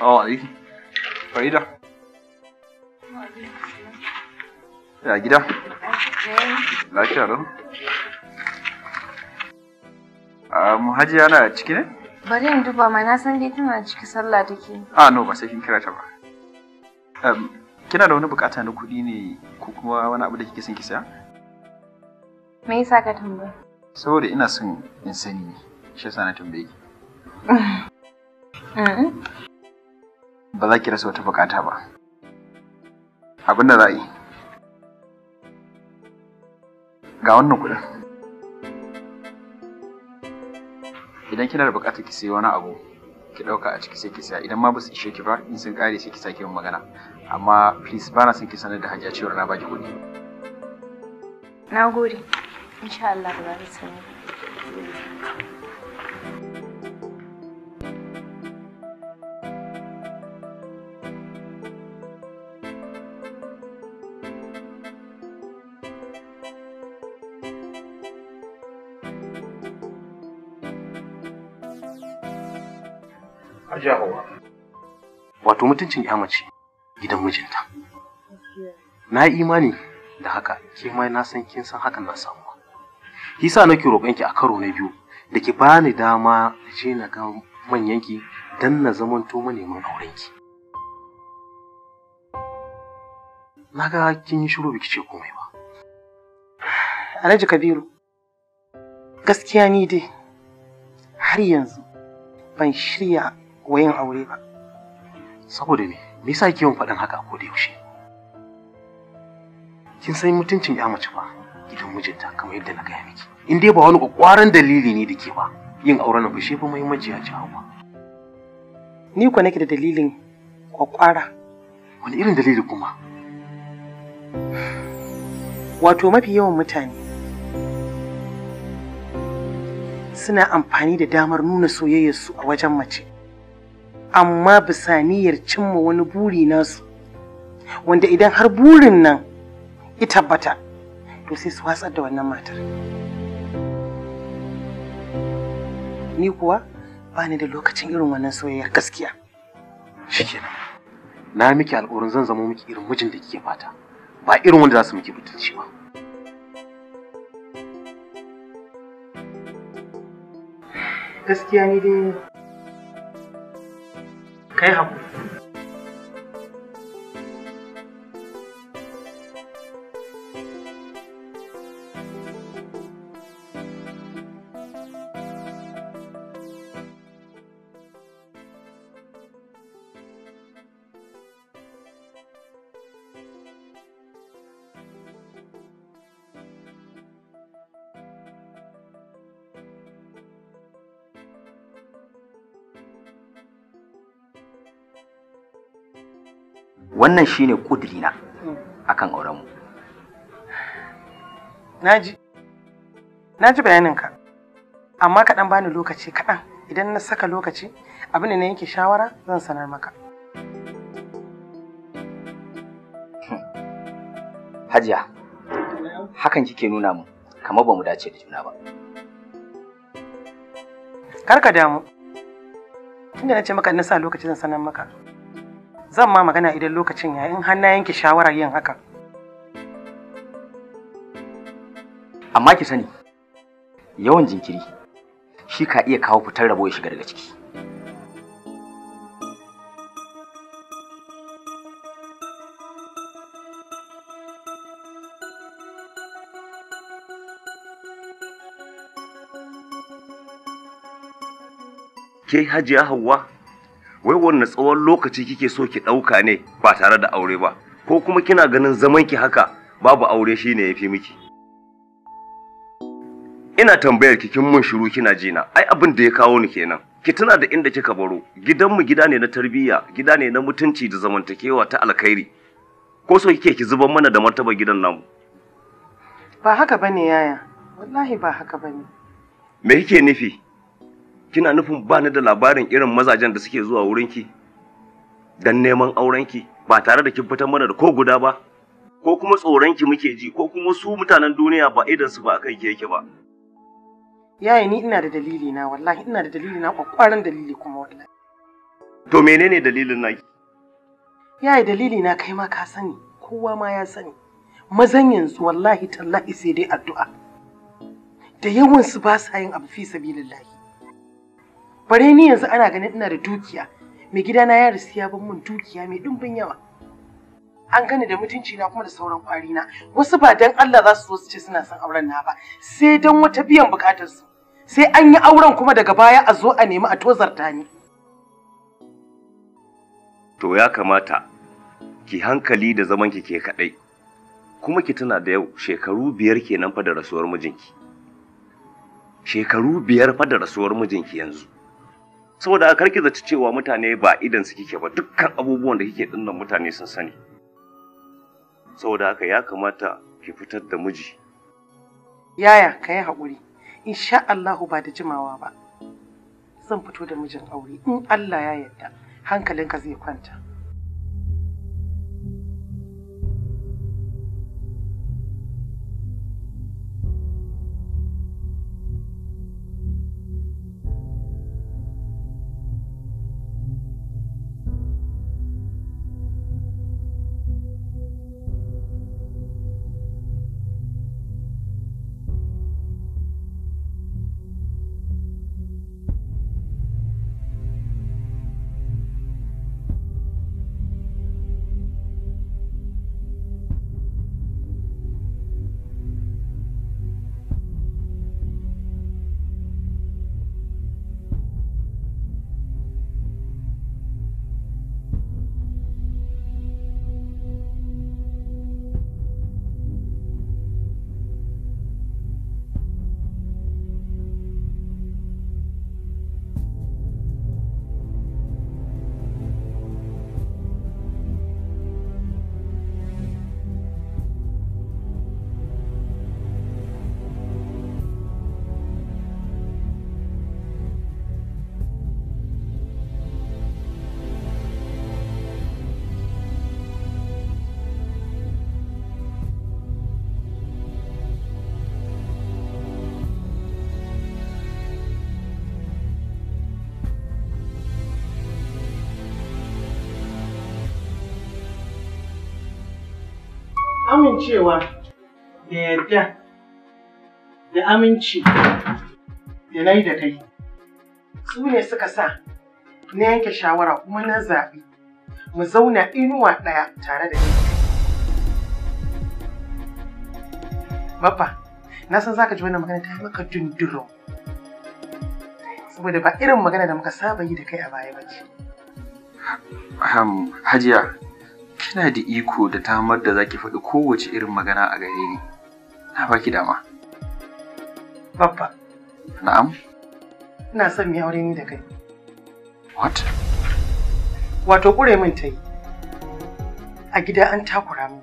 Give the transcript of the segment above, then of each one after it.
Oh, Ali. Farida. Ya gida. Lafiya lau. Um, Hajiya na ciki ne? Bari in duba ma na san dai tana ciki sallah take. Ah no ba sai kin kira ta ba. Um, kina da wani bukata na kuɗi ne ko kuma wani abu da kike son ki saya? Me yasa ka tambaya? Saboda ina son in sani Shi yasa na tambaye ki. ba za ki rasa wata bukata ba abin da za yi ga wannan kuɗin idan kina da bukatar ki sayi wani abu ki ɗauka a ciki sai ki saya idan ma ba su ishe ki ba in sun kare sai ki sake yin magana amma please ba na son ki sanar da hajiya cewa na baki kuɗi na gode insha Allah ba za ta sani wato mutuncin ya mace gidan mijinta na yi imani da haka ke mai na san kin san hakan na samu hisa nake roƙon ki a karo na biyu da ki bani dama je na ga manyan ki dan na zamanto neman auren ki na ga kin yi shiru biki ce komai ba Alhaji Kabiru gaskiya ni dai har yanzu ban shirya wayan aure ba Saboda me? Me yasa yake yin faɗin haka ko da yaushe? Kin san mutuncin ya mace ba gidan mijinta kamar yadda na gaya miki. In dai ba wani kwakwaran dalili ne da ke ba yin auren na ba shi fa muhimmanci ya jawo ba. Ni ko nake da dalilin kwakwara. Wani irin dalili kuma? Wato mafi yawan mutane suna amfani da damar nuna soyayyarsu a wajen mace amma bisa niyyar cimma wani buri nasu wanda idan har burin nan ya tabbata to sai su watsar da wannan matar ni kuwa ba ni da lokacin irin wannan soyayyar gaskiya shikenan na miki alƙurin zan zama miki irin mijin da kike fata ba irin wanda za su miki butulci ba gaskiya ni dai cái học wannan shine kudirina hmm. akan mu. naji naji bayaninka amma kaɗan bani lokaci kaɗan idan na saka lokaci abin da na yanke shawara zan sanar maka hmm. hajiya hakan kike nuna mu kamar ba mu dace da juna ba karka damu tunda na ce maka na sa lokaci zan sanar maka zan ma magana idan lokacin ya in har na yanke shawarar yin haka amma ki sani yawan jinkiri shi ka iya kawo fitar rabo ya shiga daga ciki ke hajiya Hauwa? wai wanne tsawon lokaci kike so ki ɗauka ne ba tare da aure ba ko kuma kina ganin zaman ki haka babu aure shine ya fi miki ina tambayar ki kin mun shiru kina jina ai abin da ya kawo ni kenan ki tuna da inda kika baro gidanmu gida ne na tarbiyya gida ne na mutunci da zamantakewa ta alkhairi ko so kike ki zuban mana da martaba gidan namu ba haka bane yaya wallahi ba haka bane me kike nufi kina nufin ba ni da labarin irin mazajen da suke zuwa wurinki don neman aurenki ba tare da kin fitar mana da ko guda ba ko kuma tsoronki muke ji ko kuma su mutanen duniya ba idan su ba kai yake ba yaya ni ina da dalili na wallahi ina da dalili na kwakwaran dalili kuma wallahi to menene dalilin naki yaya dalili na kai ma ka sani kowa ma ya sani mazan yanzu wallahi tallahi sai dai addu'a da yawan su ba sa yin abu fi sabilillahi bare ni yanzu ana ganin ina da dukiya mai gidana ya rasu ya ban mun dukiya mai ɗimbin yawa an gane da mutunci na kuma da sauran kwari na wasu ba dan Allah za su zo su ce suna son auren na ba sai dan wata biyan bukatar su sai an yi auren kuma daga baya a zo a nemi a tozarta ni to ya kamata ki hankali da zaman ki ke kadai kuma ki tuna da yau shekaru biyar kenan fa da rasuwar mijinki shekaru biyar fa da rasuwar mijinki yanzu saboda a karki zaci cewa mutane ba idan su kike ba dukkan abubuwan da kike dinnan mutane sun sani saboda haka ya kamata ki fitar da miji yaya ka yi haƙuri insha Allahu ba da jimawa ba zan fito da mijin aure in Allah ya yarda hankalinka zai kwanta kaucewa da yarda da aminci da na da kai su ne suka sa na yanke shawara kuma na zaɓi mu zauna inuwa ɗaya tare da kai. Baba, na san zaka ji wannan magana ta yi maka dunduro. Saboda ba irin magana da muka saba yi da kai a baya ba ce. Hajiya, kina da iko da tamar da zaki faɗi kowace irin magana a gare ni na baki dama babba na'am ina son mu aure ni da kai what wato kure min ta yi a gida an takura min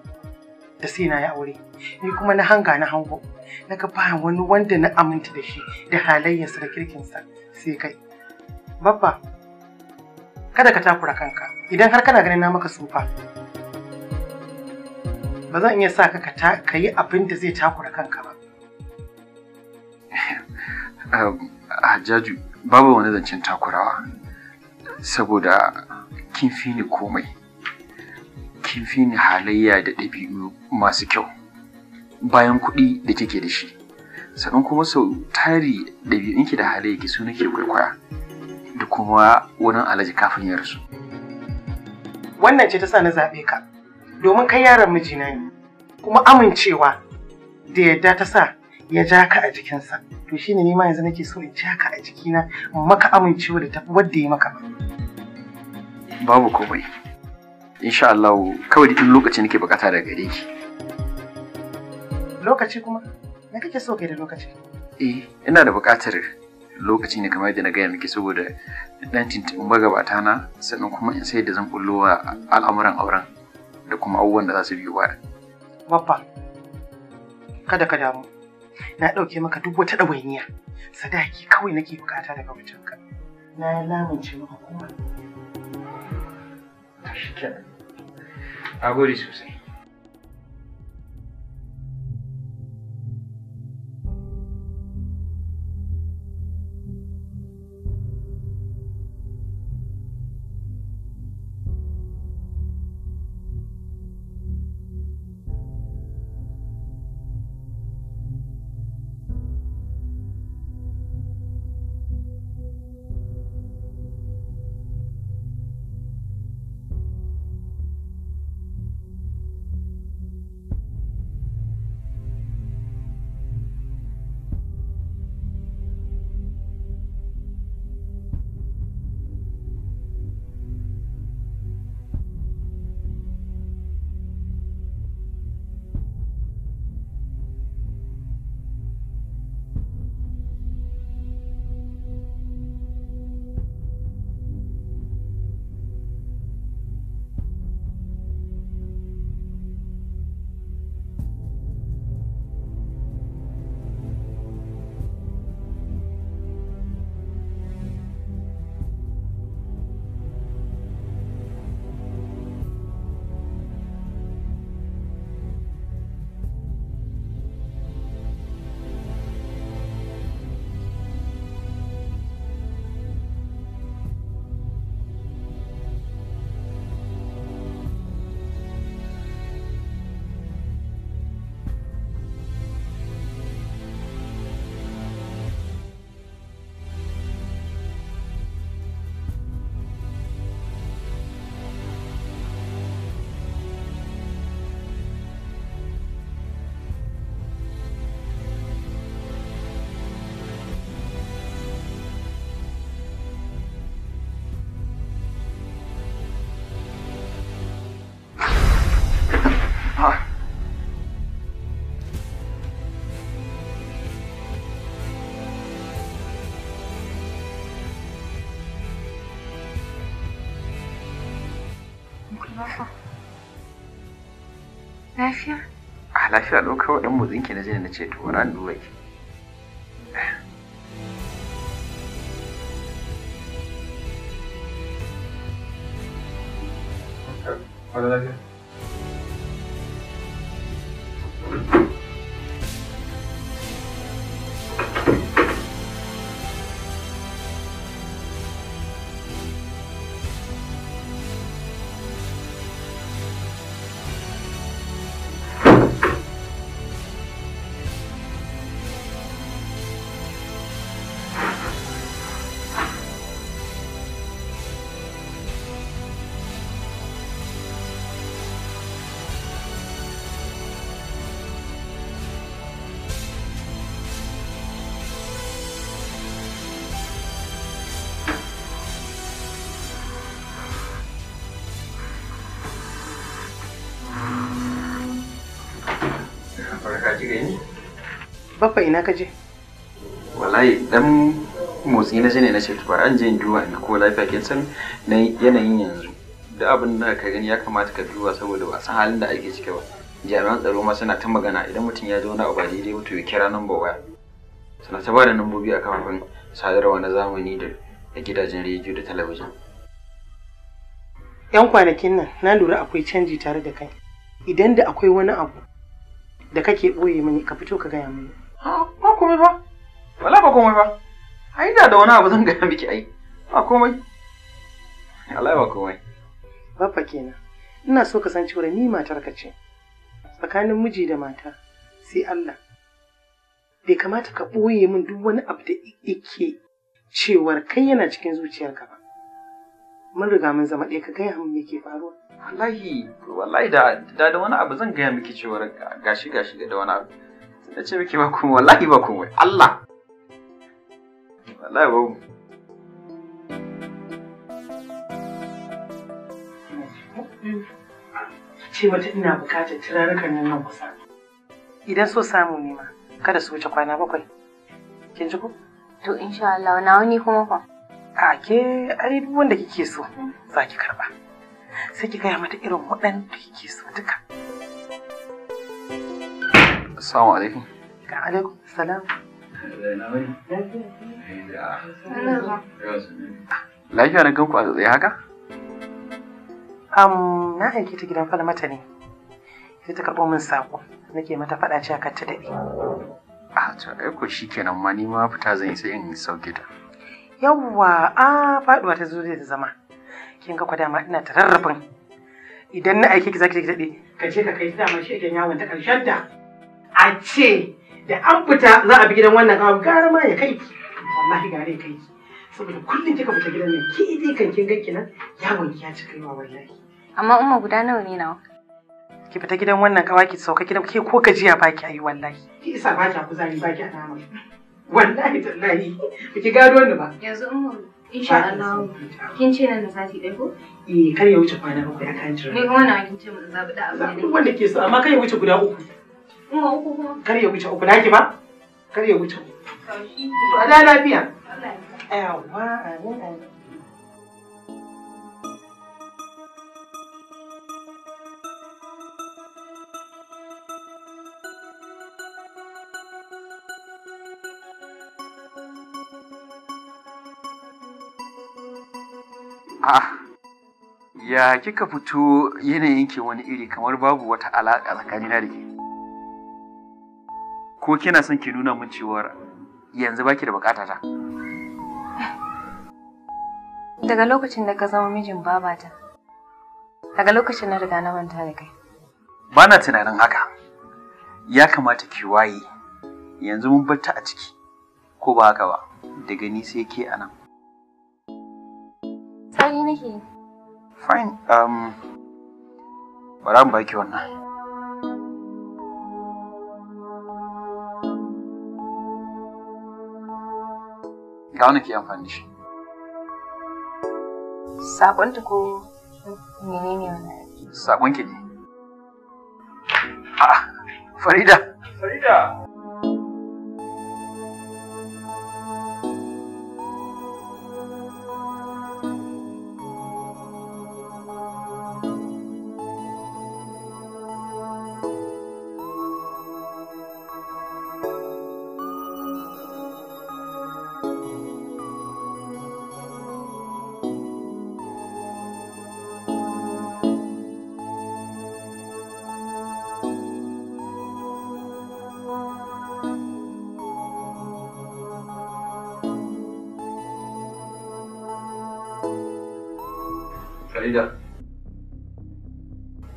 da sai na yi aure ni kuma na hanga na hango na ga ba wani wanda na aminta da shi da halayyarsa da kirkinsa sai kai babba kada ka takura kanka idan har kana ganin na maka sufa. ba zan iya sa ka ka yi abin da zai takura kanka ba. Um, Hajjaju, babu wani zancen takurawa, saboda kin fi ni komai, kin fi ni halayya da ɗabi'u masu kyau, bayan kuɗi da kike da shi. Sannan kuma sau tari ɗabi'unki da halayyaki su nake kwaikwaya, da kuma wani alaji kafin ya rasu. Wannan ce ta sa na zaɓe ka. domin kai yaron mijina ne kuma amincewa da yadda ta sa ya ja ka a jikinsa to shine ni ma yanzu nake so in ja ka a jikina maka amincewa da tafi wadda ya maka babu komai insha Allah kawai duk lokaci nake bukata daga gare ki lokaci kuma me kake so kai da lokaci eh ina da bukatar lokaci ne kamar yadda na gaya miki saboda dan tintin magabata na sannan kuma in sai da zan kullo al'amuran auren da kuma abubuwan da za su biyo baya. Babba, kada ka damu, na ɗauke maka duk wata ɗawainiya, sadaki kawai nake bukata daga wajenka. Na lamunce maka kuma. Shi kenan. A gode sosai. lafiya lau waɗannan ɗan na jini na ce to wani an kafa ina ka je? Wallahi dan motsi na ne na ce ba an je in duba ko lafiya ke san na yanayin yanzu. Da abin da ka gani ya kamata ka duba saboda ba san halin da ake ciki ba. Jami'an tsaro ma suna ta magana idan mutum ya zo na abu dai ya kira number waya. Suna ta bada nambobi a kafafen sadarwa na zamani da gidajen rediyo da talabijin. Yan kwanakin nan na lura akwai canji tare da kai. Idan da akwai wani abu da kake ɓoye mini ka fito ka gaya mini. Ha, ba komai ba. Wala ba komai ba. Ai da da wani abu zan gaya miki ai. Ba komai. Wallahi ba komai. Baffa kenan. Ina so ka san cewa ni matar ka ce. Tsakanin miji da mata sai Allah. Bai kamata ka ɓoye min duk wani abu da yake cewar kai yana cikin zuciyarka ba. Mun riga mun zama ɗaya ka gaya min me ke faruwa. Wallahi, wallahi da da wani abu zan gaya miki cewar gashi gashi da wani abu. sai ce miki ba komai wallahi ba komai Allah wallahi ba mu ce mata ina bukatar turarukan nan nan kusa idan so samu ne ma kada su wuce kwana bakwai kin ji ko to insha Allah na wani kuma fa a ke ai duk wanda kike so za ki karba sai ki gaya mata irin waɗanda kike so duka السلام عليكم وعليكم السلام لا Lafiya na جنكو a tsaye haka? ام na هيكي ta gidan falmata ne. Sai ta karɓo min saƙo. Nake mata faɗa cewa kar ta daɗe. A to ai ko ما ma Nima ma fita zan yi sai in sauke ta. Yawwa, a faɗuwa ta zo zai zama. Kin ga Idan na aike ki zaki ki dade ka ce ka kai ta dama shi yawon ta karshen ta. a ce da an fita za a bi gidan wannan abu gara ma ya kai wallahi Gare ya kai saboda kullum kika fita gidan nan ki dai kan kin ganki nan yawon ki ya ci kaiwa wallahi amma umma guda nawa ne nawa ki fita gidan wannan kawa ki sauka gidan ki ko gajiya ba ki ayi wallahi ki isa ba ki kuzari ba ki nama wallahi tallahi ki gado ni ba yanzu umma insha Allah kin ce nan da sati ɗaya ko eh kar ya wuce kwana bakwai a kan jira ni kuma na kin ce mun zabi da abu ne wanda ke so amma kar ya wuce guda uku Kar ya wuce uku naki ba? Kar ya wuce uku. To Allah lafiya. Yawa amin ah, ya kika fito yanayinki wani iri kamar babu wata alaƙa tsakanina da ke. ko kina son ki nuna min cewa yanzu baki da bukata ta daga lokacin da ka zama mijin babata daga lokacin na riga na manta da kai bana tunanin haka ya kamata ki waye yanzu mun bar ta a ciki ko ba haka ba daga ni sai ke anan sai nake fine um bara mu baki wannan ga wani ke amfani shi Saƙon ta ko menene wani? Saƙon ke ne a'a farida farida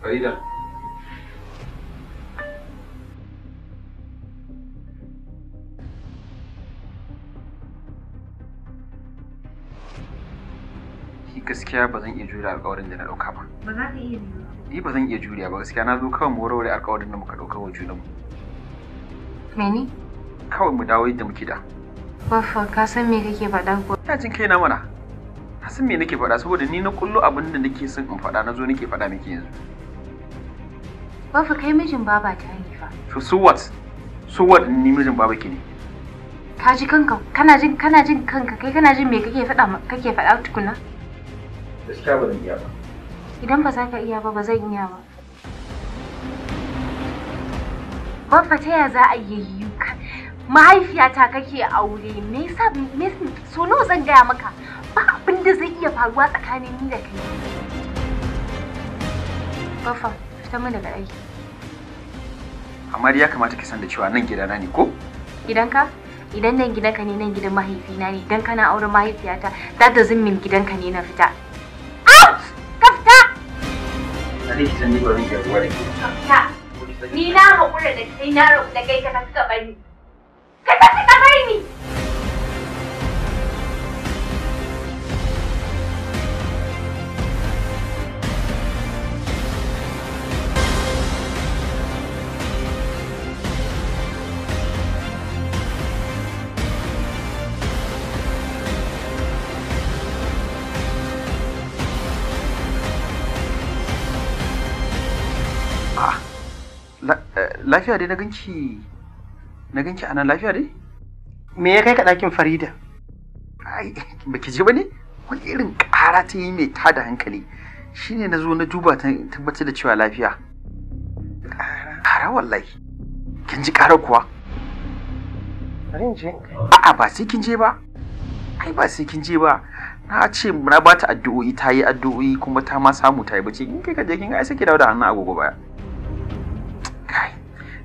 Farida. gaskiya ba zan iya jure alƙawarin da na ɗauka ba. Ba za ka iya ba. Ni ba zan iya juriya ba gaskiya na zo kawai mu warware alƙawarin da muka ɗauka wa junanmu. Mene? Kawai mu dawo yadda muke da. Baffa ka san me kake faɗa ko? Ina jin kaina mana. Na san me nake faɗa saboda ni na kullo abin da nake son in faɗa na zo nake faɗa miki yanzu. Bafa kai mijin baba ta Hanifa. To so what? So what ni mijin baba ki ne? Ka ji kanka kana jin kana jin kanka kai kana jin me kake faɗa kake faɗa tukuna? Gaskiya ba zan iya ba. Idan ba za ka iya ba ba zan iya ba. Bafa ta ya za a yi ka? Mahaifiyata kake aure me yasa me so nawa zan gaya maka ba abin da zai iya faruwa tsakanin ni da kai. Bafa fita min daga aiki. Amma ya kamata ki san da cewa nan gidana ne ko? Gidanka? Idan nan gidanka ne nan gidan mahaifina ne idan kana auren mahaifiyata za ta zimmin gidanka ne na fita. Ka fita! Na ni Ka fita! Ni na haƙura da kai na rabu da kai ka tafi ka bari. Ka tafi ka bari ni! lafiya dai na ganki na ganki a nan lafiya dai me ya kai ka ɗakin farida ai baki ji bane wani irin ƙara ta yi mai tada hankali shine na zo na duba ta tabbatar da cewa lafiya ƙara wallahi kin ji ƙara kuwa a'a ba sai kin je ba ai ba sai kin je ba na ce na ba ta addu'o'i ta yi addu'o'i kuma ta ma samu ta yi bace kin kai ka je kin ga ai sai ki dawo da hannun agogo baya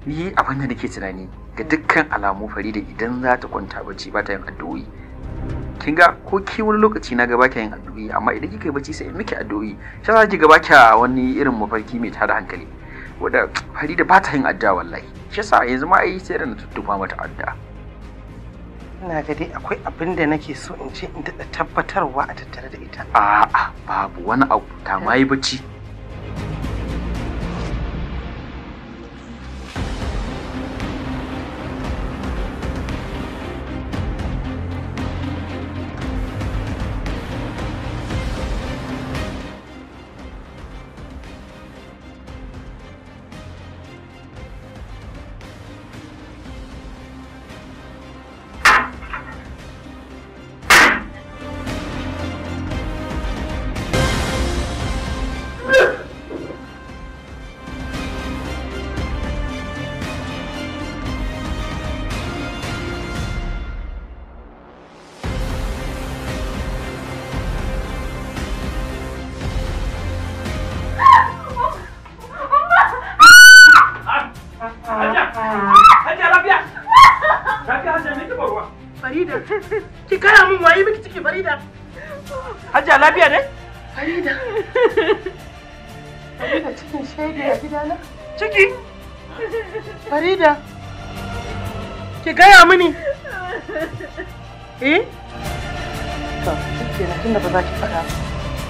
ni abin da nake tunani ga dukkan alamu farida idan za ta kwanta bacci ba ta yin addu'o'i kin ga ko ki wani lokaci na gaba yin addu'o'i amma idan kika yi bacci sai miki addu'o'i shi za ki gaba a wani irin mafarki mai tada hankali wanda farida ba ta yin addu'a wallahi shi yasa yanzu ma ai sai na tuttufa mata addu'a ina ga dai akwai abin da nake so in ce in daɗa tabbatarwa a tattare da ita a'a babu wani abu ta ma bacci Ciki? Farida? Ki gaya mini? Eh? To, ciki na tunda ba za ki faɗa.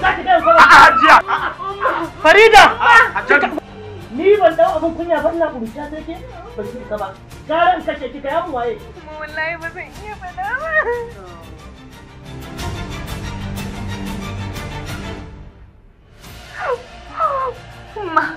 Za ki gaya kowa. A'a, hajiya. Farida! ni ban dau abin kunya ba ina kuruciya sai ke ba shi ka ba garan kashe ki ya mu waye wallahi ba zan iya faɗa ba Mama.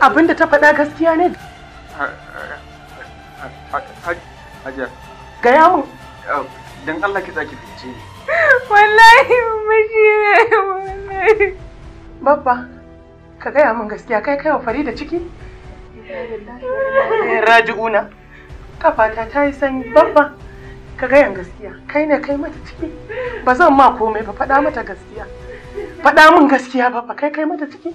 abin da ta faɗa gaskiya ne hajiya gaya mu don Allah ki zaki fice ni wallahi mashi ne wallahi babba ka gaya min gaskiya kai kai wa farida ciki raji'una kafata ta yi sanyi babba ka gaya gaskiya kai ne kai mata ciki ba zan ma komai ba faɗa mata gaskiya faɗa min gaskiya babba kai kai mata ciki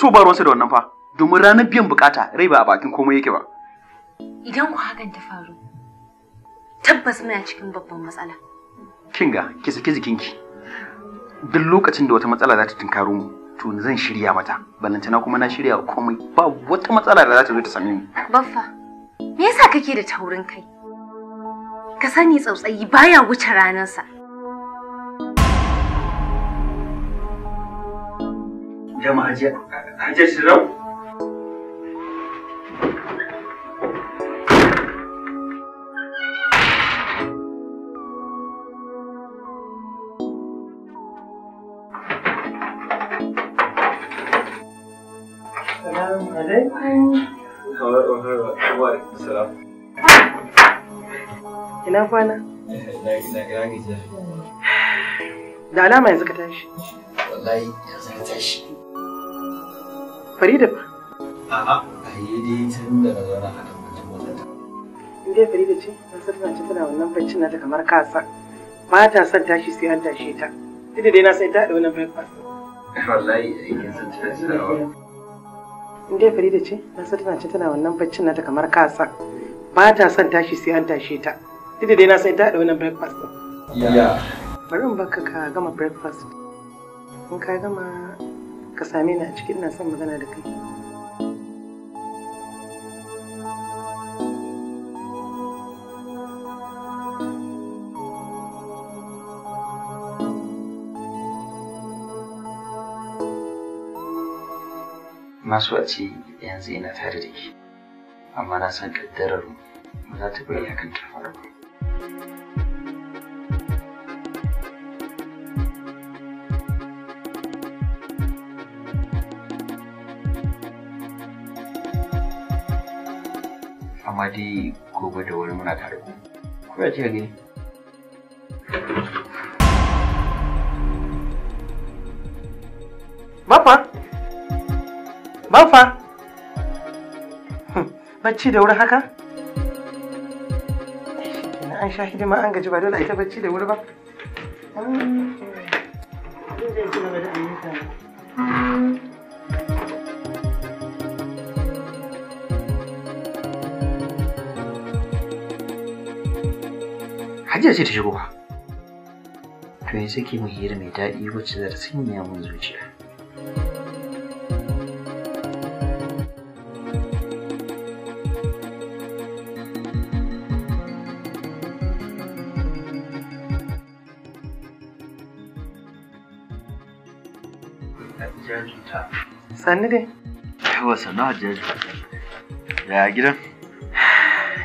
so ba ruwansa da wannan fa domin ranar biyan bukata rai ba a bakin komai yake ba idan ku hakan ta faru tabbas muna cikin babban matsala kinga ki saki jikinki duk lokacin da wata matsala za ta tunkaro mu to zan shirya mata balantana kuma na shirya komai ba wata matsala da za ta zo ta same mu baffa me yasa kake da taurin kai ka sani tsautsayi baya wuce ranarsa da ma'ajiyar shirau? Salamu alaikum. Salamu Ina kwana? Da alama yanzu ka tashi. Wallahi yanzu ka tashi. Farida fa? A'a, a yi dai tun da na zauna a tabbacin ta. In dai Farida ce, na san tana ce tana wannan baccin nata kamar kasa. Mata son tashi sai an tashe ta. Tunda dai na san ta da wannan breakfast. Wallahi, aikin san tana tunawa. In dai Farida ce, na san tana ce tana wannan baccin nata kamar kasa. ta son tashi sai an tashe ta. Tunda dai na san ta da wannan breakfast. Ya. Bari in baka ka gama breakfast. In ka gama ka same ni a ciki ina son magana da kai masu a ce yanzu ina tare da shi amma na san kaddarar mu za ta bayyana kan ta ba amma dai gobe da wani muna tare ku ya ce ne Mafa! Mafa! Hmm, bacci da wuri haka? An sha hidima an gaji ba dole a ita bacci da wuri ba. Mm-hmm. Hajiya ce ta shigo ba? To yanzu ke mu hira mai daɗi wacce za ta sanya mun zuciya. Sanni dai. Yawa sannu Hajjaji. Yaya gidan?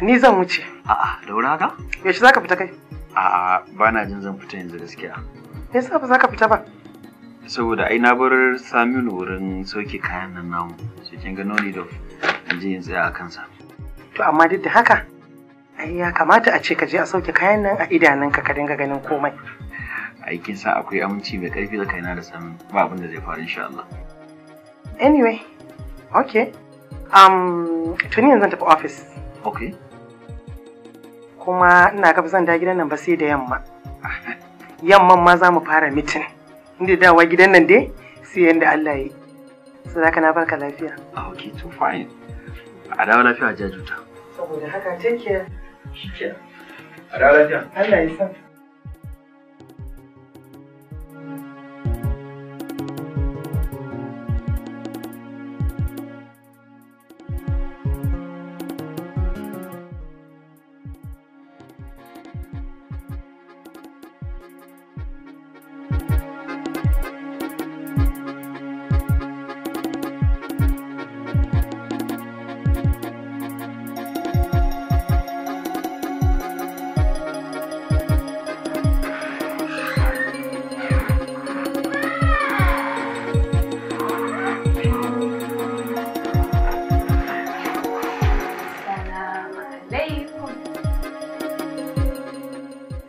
Ni zan wuce. A'a, da wuri haka? Yaushe za ka fita kai? A'a ba na jin zan fita yanzu gaskiya. Me yasa ba za ka fita ba? Saboda ai na bar Saminu wurin sauke kayan nan namu. Sai kin ga noni da je yin tsaya a kansa. To amma duk da haka ai ya kamata a ce ka je a sauke kayan nan a idanunka ka dinga ganin komai. Ai kin san akwai aminci mai karfi da kaina da Saminu ba abin da zai faru insha Allah. Anyway, okay. Um, tuni yanzu zan tafi office. Okay. kuma ina ga zan da gidan nan ba sai da yamma yamman ma za mu fara mitin inda dawa gidan nan dai sai yanda Allah yi sadaka na barka lafiya ah okay to fine a dawo lafiya jajuta saboda haka take care a dawo lafiya Allah ya san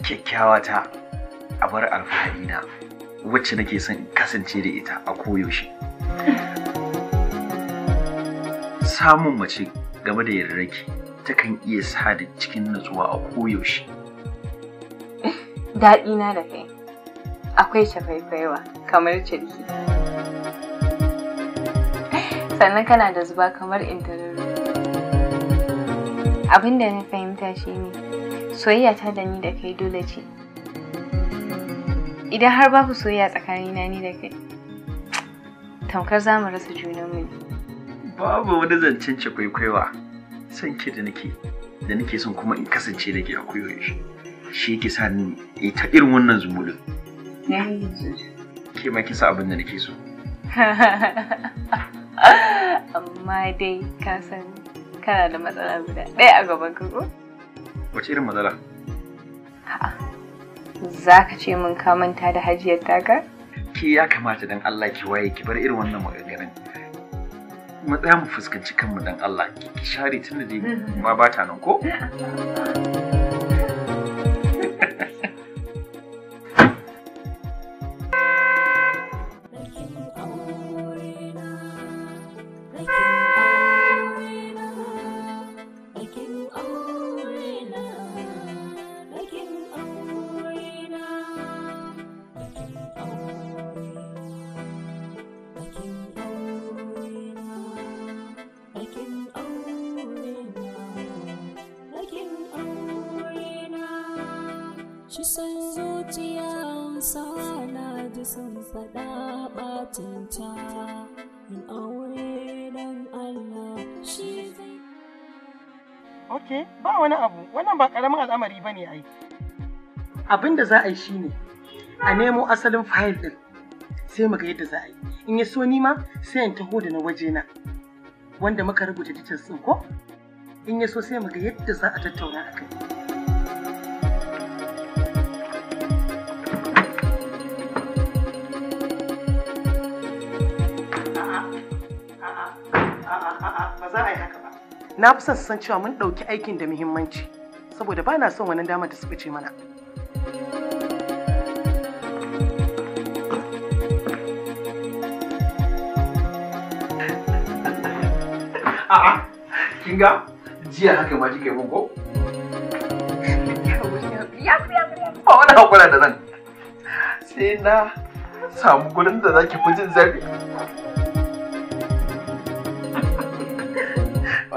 kyakkyawa ta a bar alfahari na wacce nake son kasance da ita a koyaushe samun mace game da ta takan iya sa da cikin natsuwa a koyaushe Daɗina na da kai akwai shafaifaiwa kamar cirki sannan kana da zuba kamar intanet abinda na fahimta shine ne soyayya ta da ni da kai dole ce idan har babu soyayya tsakanina ni da kai tamkar za mu rasa junanmu ne babu wani zancen ce kwaikwaiwa son ke da nake da nake son kuma in kasance da ke a koyaushe shi yake sa ni yi ta irin wannan zumulin ke ma kisa abin da nake so amma dai ka san kana da matsala guda ɗaya a gaban ka ko wace irin matsala za ka ce mun kamanta da hajiyar daga ki ya kamata dan Allah ki waye ki bar irin wannan maganganun mu mu fuskanci kanmu dan Allah ki share tun da mm-hmm. ma ba ta nan ko Oke, ba wani abu, wannan ba karamin al'amari ba ne ai. Abin da za a yi shine a nemo asalin fayil ɗin sai mu ga yadda za a yi. In ya so ni ma sai in taho da na waje na wanda muka rubuta ɗin, ko? In ya so sai mu ga yadda za a tattauna a kai. na fi son san cewa mun ɗauki aikin da muhimmanci saboda ba na son wannan damar da suka fice mana a'a kin ga jiya haka ma kike mun ko ba wani hakura da nan sai na samu gurin da zaki fi jin zafi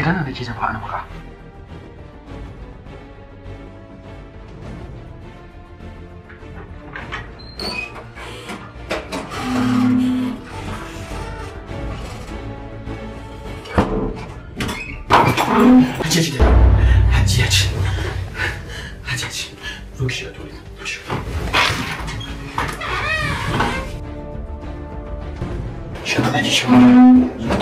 일他拿点기吧，安德玛。坚持点，坚持，坚持，不许打退堂鼓，不许。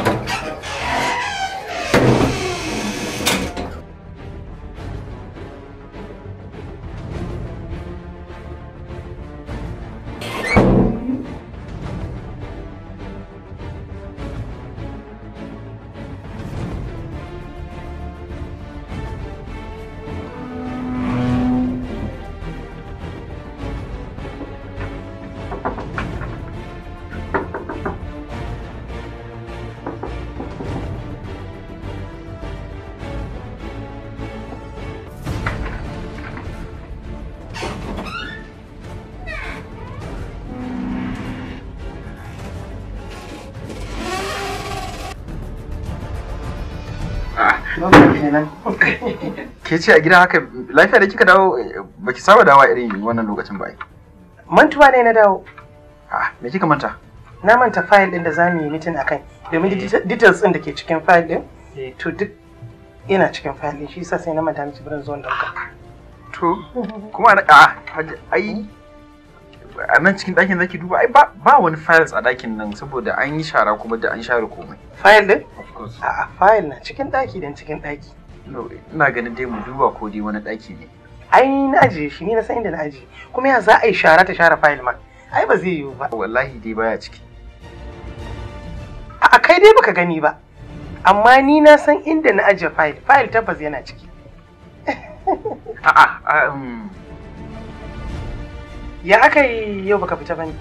ke ce a gida haka lafiya da kika dawo eh, baki saba dawa irin wannan lokacin ba mantuwa ne na dawo ah me kika manta na manta fayil din da za mu yi mitin akan domin eh. details din da ke cikin fayil din eh. to duk yana cikin fayil din shi yasa sai na manta miki burin zuwan dauka to kuma a ah, ai a nan cikin ɗakin zaki duba ai ba wani files a ɗakin nan saboda an yi shara kuma da an share komai fayil din a a fayil na cikin ɗaki dan cikin ɗaki ina ganin dai mu duba ko dai wani ɗaki ne ai na je shi ni na san inda na je kuma ya za a yi shara ta share fayil ma ai ba zai yiwu ba wallahi dai baya ciki a kai dai baka gani ba amma ni na san inda na ajiye fayil fayil tabbas yana ciki a'a um. ya aka yi yau baka fita bane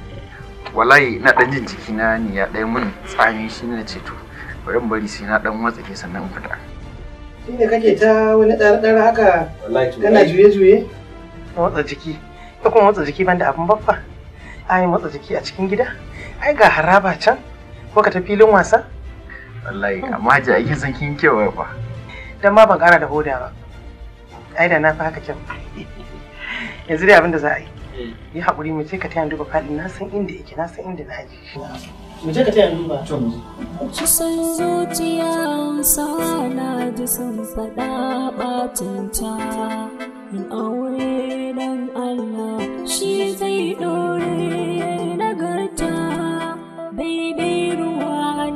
wallahi na dan jin jiki na ni ya ɗaya mun tsami shi ne na ce to bari bari sai na dan watsake sannan fita inda kake ta wani tsare-tsare haka kana juye-juye matsa jiki ta kuma matsa jiki banda abin babba ai matsa jiki a cikin gida ai ga haraba can ko ka ta filin wasa wallahi amma ji ake son kin kewaye fa dan ma ban kara da hoda ba ai da na fi haka kyau yanzu dai abin da za a yi eh. yi haƙuri mu ce ka taya yanzu ba faɗi na san inda yake na san inda na aje shi mu je ka ba sana ji sun faɗa batinta in aure Allah shi zai daidai ruwa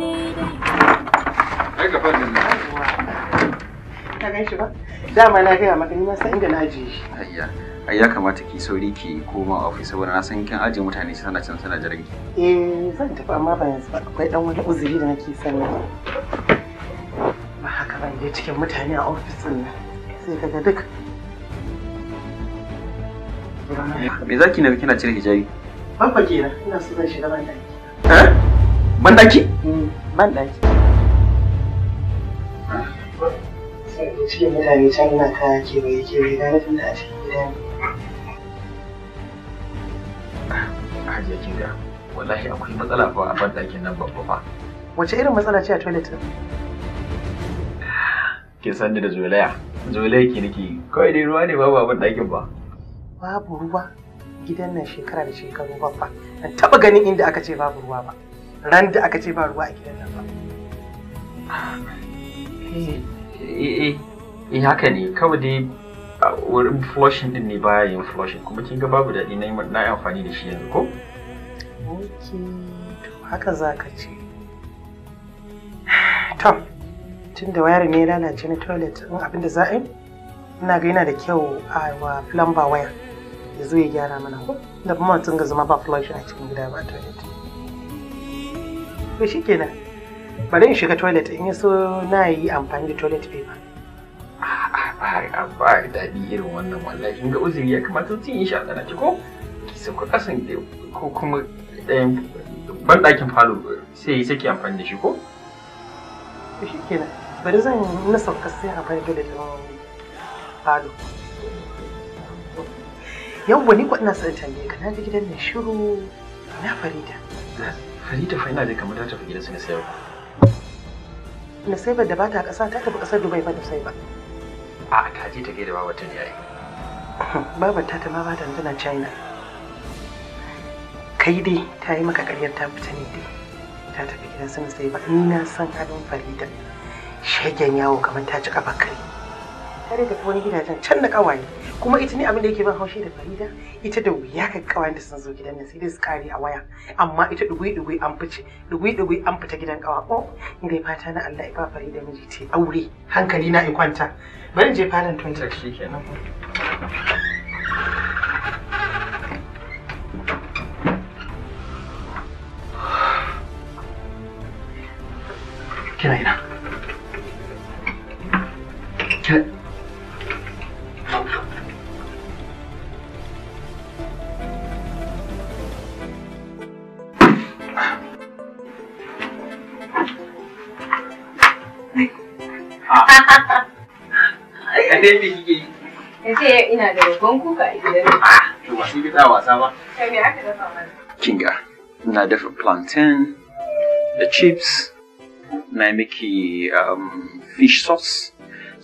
gan shi ba dama na gaya maka ni san inda na ajiye shi ai ya kamata ki sauri ki koma ofis saboda na san kin aje mutane sana can sana jirgi eh zan tafi amma ba yanzu ba akwai dan wani uzuri da nake sani ba haka ban je cikin mutane a ofis din nan sai kaga duk me zaki na kina cire hijabi babba na, ina so zan shiga ban daki eh ban daki hmm, ban daki cikin mutane can na kaya kewaye kewaye na nufin da a cikin gida ne Hajiya kin ga wallahi akwai matsala fa a bandakin nan babba ba. Wace irin matsala ce a toilet din? Kin san ni da zolaya. Zolaya ki nake. Kawai dai ruwa ne babu a bandakin ba. Babu ruwa. Gidan nan shekara da shekaru babba. Ban taba ganin inda aka ce babu ruwa ba. Ran da aka ce ba ruwa a gidan nan ba. Eh, eh, eh, eh haka ne. Kawai dai wurin flushing din ne baya yin flushing kuma kin ga babu daɗi na yi amfani da shi yanzu ko? Ok, to haka za ka ce. To, tun da wayar ne ya lalace na toilet in abinda za a yi, ina ga yana da kyau a wa plumber waya ya zo ya gyara mana ko? Da kuma mutum ga zama ba flushing a cikin gida ba toilet. To shi kenan, bari in shiga toilet in yi so na yi amfani da toilet paper. ba daɗi irin wannan wallahi kin ga uzuri ya kamata mutum ya sha tsana ko ki sauka kasan ko kuma ɗayan ban ɗakin falo sai yi saki amfani da shi ko? shi kenan bari zan na sauka sai amfani da dalilin falo yau wani ko ina son tambaye ka na ji gidan na shiru na farida farida fa ina da kamar ta tafi gidan su na sayar na sayar da ba ta ƙasa ta tafi ƙasar dubai ba da sai ba a ta je ta gaida babar ne ai babar ta ma ba tana china kai dai ta yi maka karyar ta fita ne dai ta tafi gidan sama sai ba na san halin farida shagen yawo kamar ta ci kafa kai ta da tafi wani gidajen can na kawaye kuma ita ne abin da yake ban haushi da farida ita da wuya ka kawayen da sun zo gidan nan sai dai su kare a waya amma ita dugui dugui an fice dugui dugui an fita gidan kawa ko oh, dai fata na Allah ya ba farida miji ce aure hankali na ya kwanta bari je falon tuntar shi kenan kina ina Ha ha ha. ka dai me kike yi kace ina da babban kuka a gidan ah to ba shi da wasa ba kai me aka dafa mana kinga ina dafa plantain da chips na miki um, fish sauce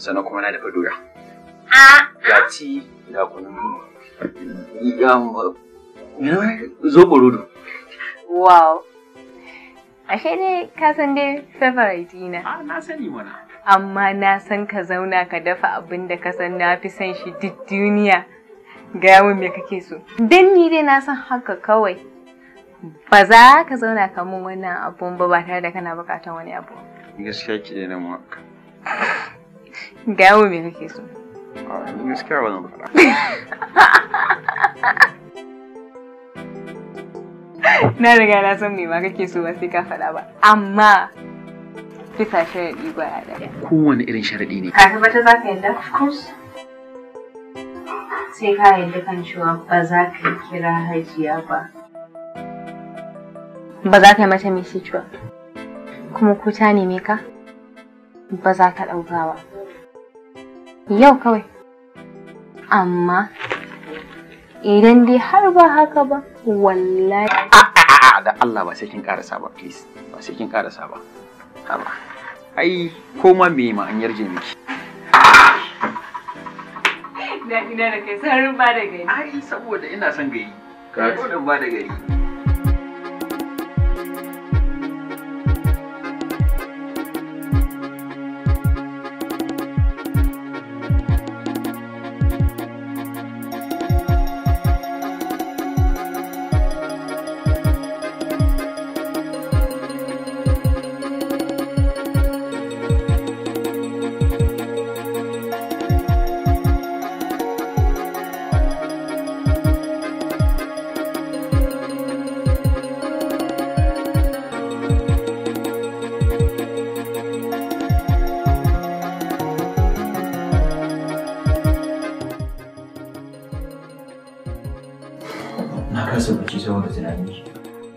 sannan kuma na dafa doya ga ti ga kunun um, zobo rudu wow ashe dai ka san dai favorite na ah, na sani mana amma na san ka zauna ka dafa abin da ka san na fi son shi duk duniya gaya min me kake so dan ni dai na san haka kawai ba za ka zauna ka mun wannan abun ba ba tare da kana bukatan wani abu gaskiya ke nan haka gaya min me kake so gaskiya ba zan na riga na san me ma kake so ba sai ka faɗa ba amma bisa sharaɗi gwaya ɗaya. Kowane irin sharaɗi ne. Kafin bata za ka yadda of course. Sai ka yadda kan cewa ba za ka yi kira hajiya ba. Ba za ka yi mata message ba. Kuma ko ta neme ka? Ba za ka ɗauka ba. Yau kawai. Amma idan dai har ba haka ba wallahi. Ah, ah, ah, da Allah ba sai kin karasa ba please ba sai kin karasa ba. Ai koma me ma an yarje miki. Na ina da kai sarin ba da gari. Ai saboda ina son gari. Ka ba da gari.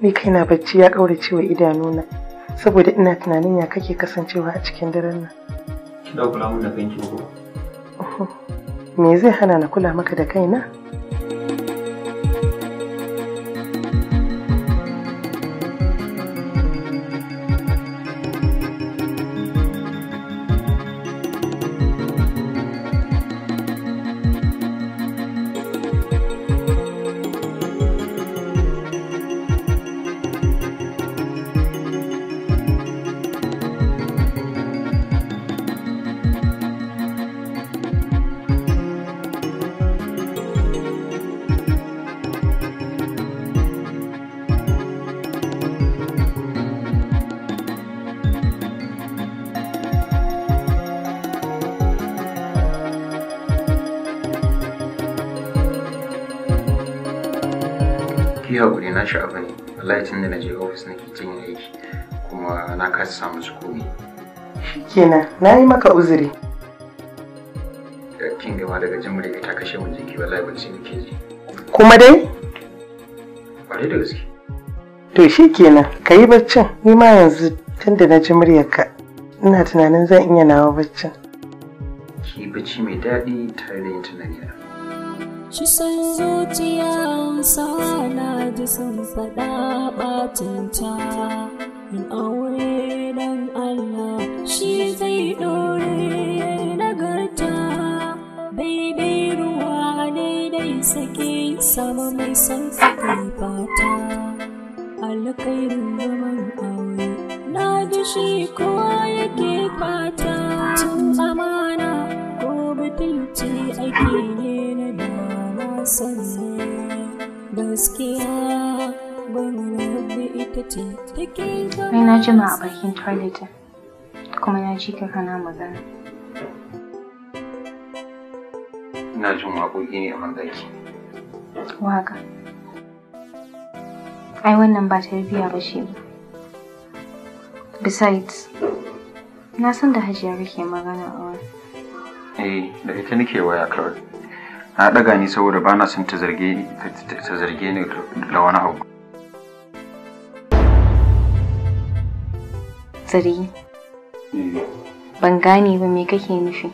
ni kaina bacci ya kaure cewa idanuna saboda ina tunanin ya kake kasancewa a cikin daren nan ki kula mun da kanki ko me zai hana na kula maka da kaina kasa samu su komi kenan na yi maka uzuri eh, kin gama daga jin murya ta kashe mun jiki wallahi ban sai nake ji kuma dai kwarai da gaske to shi kenan ka yi baccin ni ma yanzu tunda na ji muryarka ina tunanin zan iya nawa baccin ki bacci mai daɗi tare da yin tunani a Shi san zuciya sa na ji sun faɗa ɓatinta. yin aure dan Allah shi zai dore nagarta daidai ruwa daidai sake sama mai son kai fata alkairin zaman aure na ji shi ko yake fata amana ko butulci aiki ne na dama na gaskiya Ai na jima a bakin toilet kuma na ji ka kana magana. Ina jin waƙoƙi ne a mandaki. Waƙa. Ai wannan ba tarbiyya ba shi ba. Besides, na san da hajiya kake magana a wani. Eh, da ita nake waya kawai. Na ɗaga ni saboda ba na son ta zarge ni da wani abu. tsiri eh. ban gane ba me kake nufi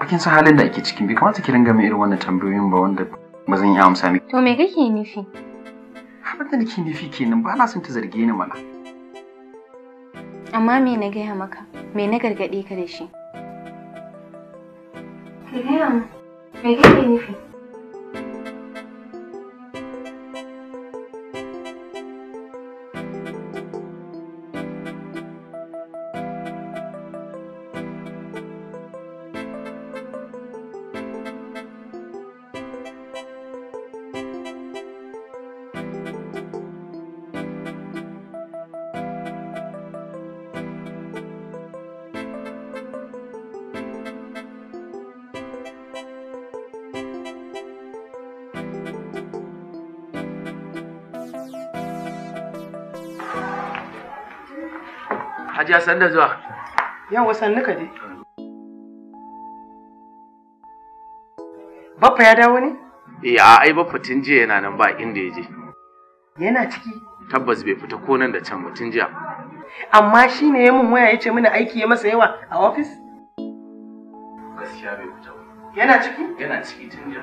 bakin san halin da ake cikin bai kamata ki ringa mai irin wannan tambayoyin ba wanda ba zan iya amsa miki to me kake nufi abin da nake nufi kenan ba na son ta zarge ni mana amma me na gaya maka me na gargaɗe ka da shi ki gaya me kake nufi Hajiya sanda da zuwa. Yawa sannu ka je. Baffa ya dawo ne? Ya eh, ai baffa tun jiya yana nan ba inda ya je. Yana ciki? Tabbas bai fita ko nan da can ba tun jiya. Amma shi ne ya mun waya ya ce mini aiki ya masa yawa a ofis? Gaskiya bai fita ba. Yana ciki? Yana ciki tun jiya.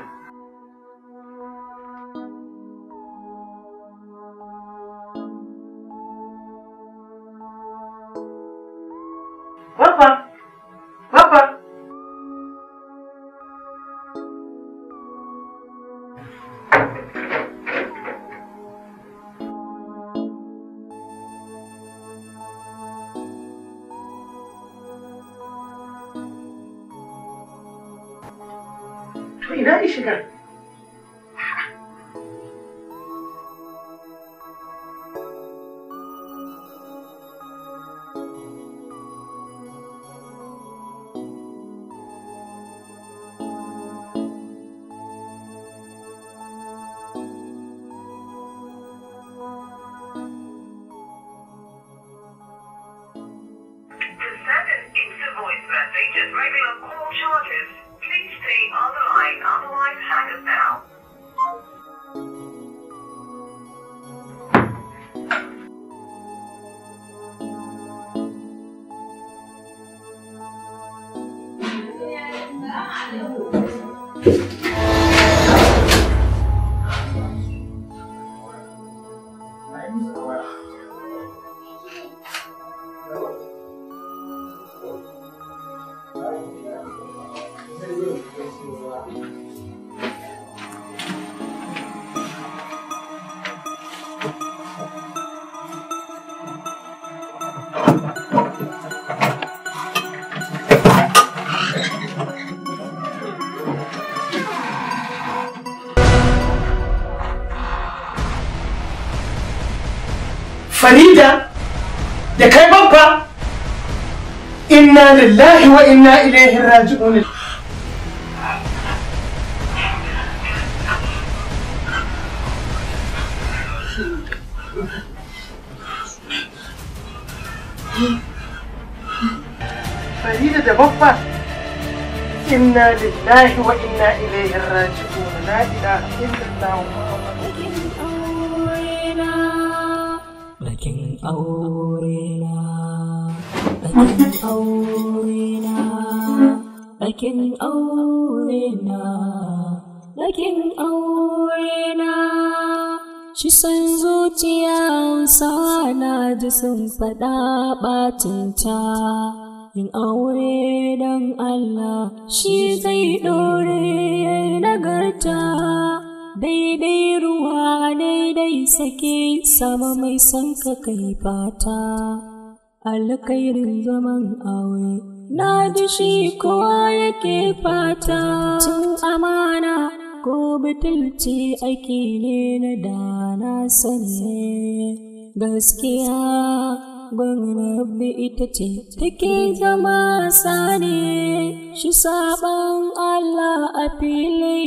farida da kai babba inna lillahi wa inna ilaihi raji'un farida da babba inna lillahi wa inna ilaihi raji'un la ilaha illallah aurena akin aurena bakin aurena shi san zuciya sawa na ji sun faɗa ɓatinta. yin aure don Allah shi zai ɗore nagarta daidai ruwa daidai sake sama mai son ka kai fata alkairin zaman aure. Na ji shi kowa yake fata tun amana ko butulci aiki ne na da na sani gaskiya rabbi ita ce take zama sane shi sabon Allah a fili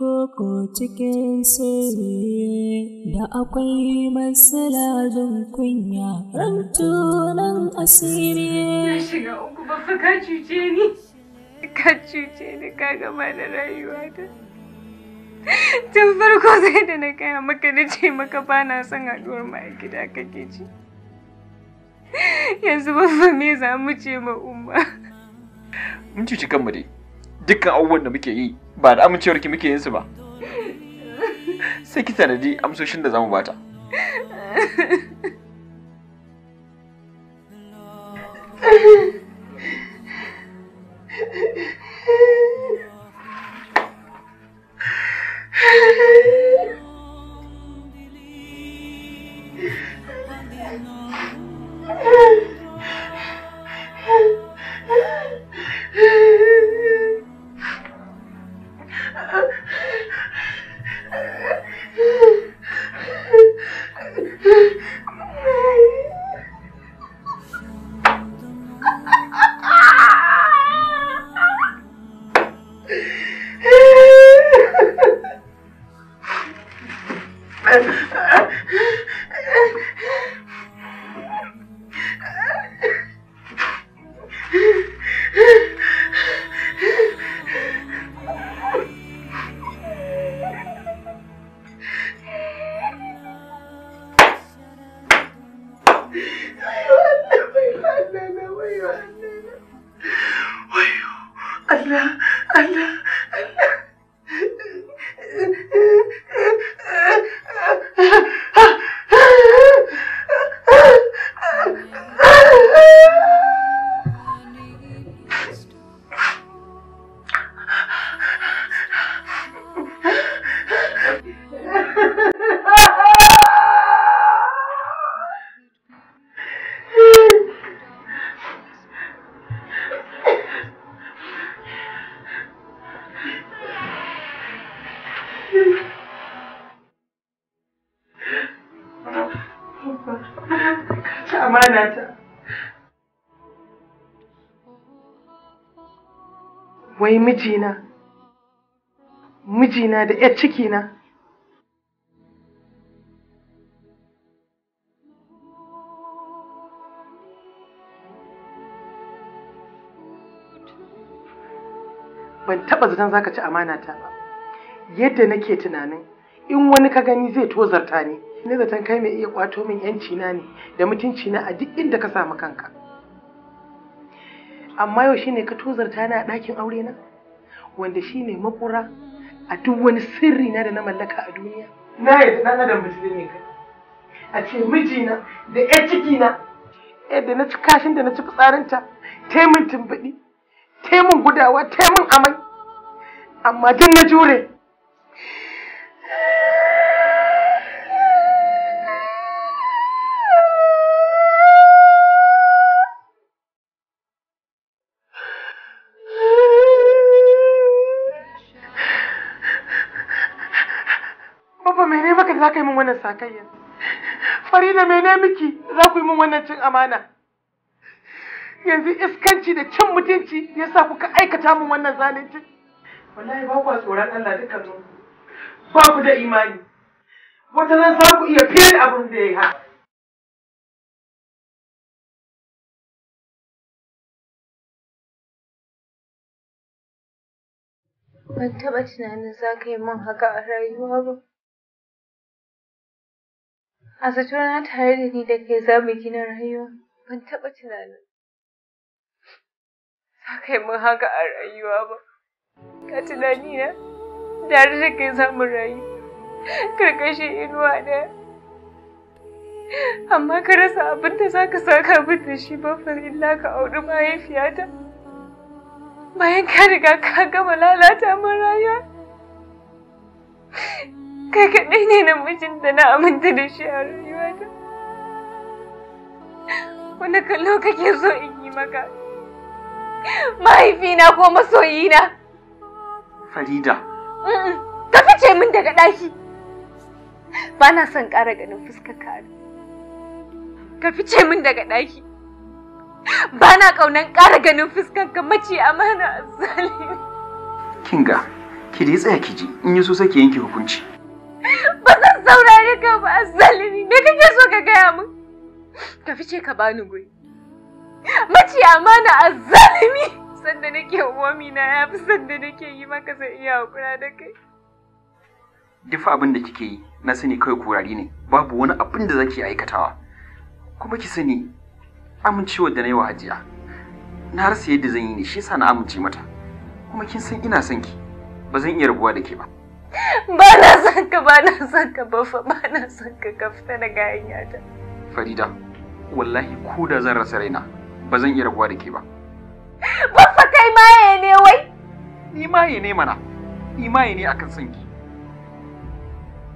koko cikin sirri da akwai matsalajin kunya rantunan asiri. Na shiga uku ba fi ka cuce ni. Ka cuce ni ka gama da rayuwata. Tun farko sai da na kaya maka na ce maka ba na son haɗuwar ma a gida kake ci. Yanzu ba fa me za mu ce ma umma. Mun cuci kanmu dai. Dukkan abubuwan da muke yi ba da ki muke yin su ba sai ki tanadi amsoshin da zamu bata Yeah. wai mijina mijina da ‘yar cikina ban taɓa zaton za ka ci amana ta ba yadda nake tunanin in wani ka gani zai tozarta ni na zaton kai mai iya kwato min yanci na ne da mutunci na a duk inda ka samu kanka amma yau shine ka tozarta ni a ɗakin aure na wanda shine makura a duk wani sirri na da na mallaka a duniya na yadda na adam musulmi ka a ce mijina da ƴar na yadda na ci kashin da na ci fitsarinta ta min tumbaɗi ta min gudawa ta min amai amma duk na jure mana sakayya farida mene miki za ku yi min wannan cin amana yanzu iskanci da cin mutunci ya sa kuka aikata min wannan zalunci wallahi ba ku tsoron Allah zo ba ku da imani wata nan za ku iya fiye da abin da ya yi haka ban taɓa tunanin za ka yi min haka a rayuwa ba A zatona tare da ni da ke za mu gina rayuwa, ban taɓa tunanin. Za ka yi mun haka a rayuwa ba. Ka tunani na, tare da ke za mu rayu, karkashin inuwa ɗaya. Amma ka rasa abin da za ka saka min da shi ba farilla ka auri mahaifiyata. Bayan ka riga ka gama lalata min rayuwa. kai kaɗai ne na mijinta na aminta da shi a rayuwata wanda kallo kake so in yi maka mahaifina ko masoyina farida ka fice min daga ɗaki ba na son ƙara ganin fuskar ka ka fice min daga ɗaki ba na ƙaunar ƙara ganin fuskar ka mace amana a kinga ki dai tsaya ki ji in yi so sai ki yanke hukunci Ba zan saurare ka ba azzalimi me kake so ka gaya min? Ka fice ka bani guri. Maci amana azzalimi sanda nake uwami na ya fi sanda nake yi maka zan iya hakura da kai. Duk abin da kike yi na sani kai kurari ne babu wani abin da zaki aikatawa. Kuma ki sani amincewar da na yi wa hajiya. Na rasa yadda zan yi ne shi yasa na amince mata. Kuma kin san ina son ki ba zan iya rabuwa da ke ba. ba na son ka ba na son ka ba fa ba na son ka ka fita daga Farida wallahi ko da zan rasa raina ba zan iya rabuwa da ke ba ba fa kai maye ne wai ni maye ne mana ni maye ne akan son ki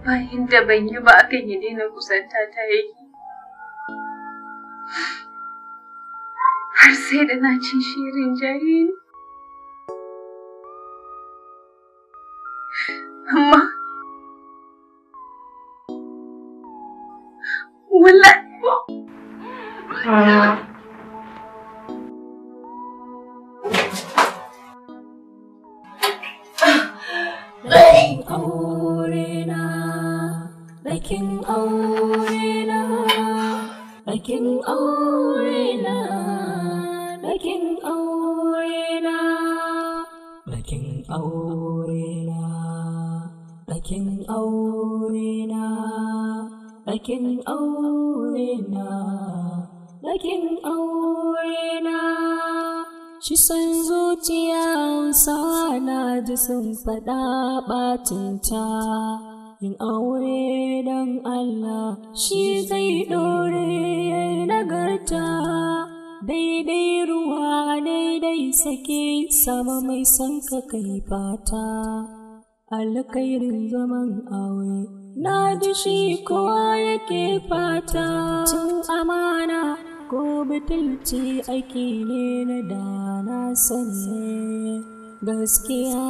bayan da ban yi ba akan ya daina kusanta ta yi, har sai da na ci shirin jariri amma sun faɗa ɓatinta in aure don Allah shi zai ɗore nagarta daidai ruwa daidai sake sama mai son ka kai fata alkairin zaman aure na ji shi kowa yake fata tun amana ko bitilci ake ne na da na sanye gaskiya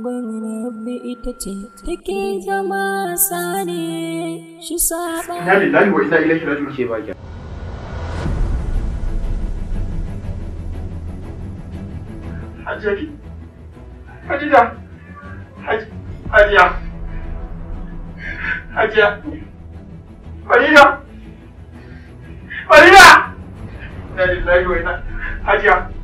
gwamnati rabbi ita ce take zama sane shi saba ke baki Hajiya, Hajiya, Hajiya Hajiya Hajiya, Hajiya, Hajiya, Hajiya, Hajiya, Hajiya, Hajiya